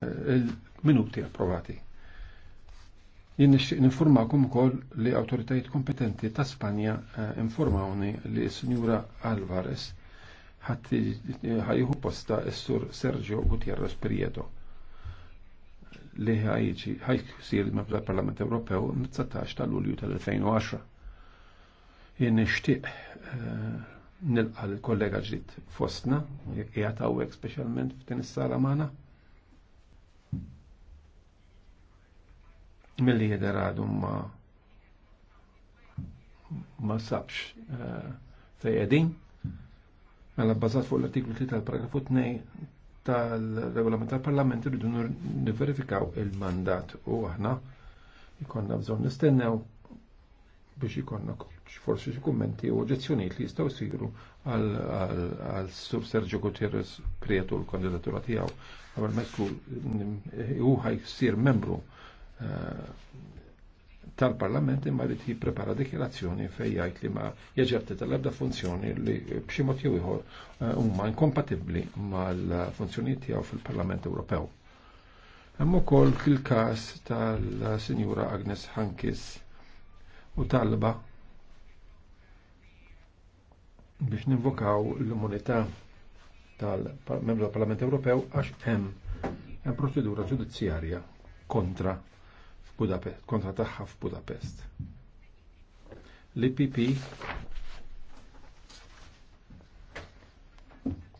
il minuti approvati. Jien nixtieq ninformakom ukoll li awtoritajiet kompetenti ta' Spanja eh, informawni li s-Sinjura Alvarez ħajju posta s-Sur Sergio Gutierrez Prieto li ħajġi ħajsir mebda parlament Ewropew mit-19 ta' Lulju tal-2010. Jien nixtieq eh, nilqa l-kollega ġdid fostna, jgħataw specialment f'din is-sala mill-li jederadu ma ma sabx eh, fejedin mela bbażat fuq l-artiklu 3 tal-paragrafu 2 tal-regolament tal-parlament irridu niverifikaw il-mandat u għahna jikonna bżon nistennew biex jikonna forsi xi kummenti u oġezzjonijiet li jistgħu jsiru għal Sur Sergio Gutierrez kreatur l-kandidatura tiegħu qabel ma jkun hu ħajsir membru Eh, tal-parlament imma li jipprepara dikjerazzjoni fej jgħid li ma jeġerti tal-ebda funzjoni li b'xi mod jew ieħor eh, huma inkompatibbli mal-funzjonijiet tiegħu fil-Parlament Ewropew. Hemm ukoll fil-każ tal-Sinjura Agnes Hankis u talba biex ninvokaw l-immunità tal-Membru tal-Parlament Ewropew għax hemm hemm procedura ġudizzjarja kontra Budapest, kontra taħħa f'Budapest. L-IPP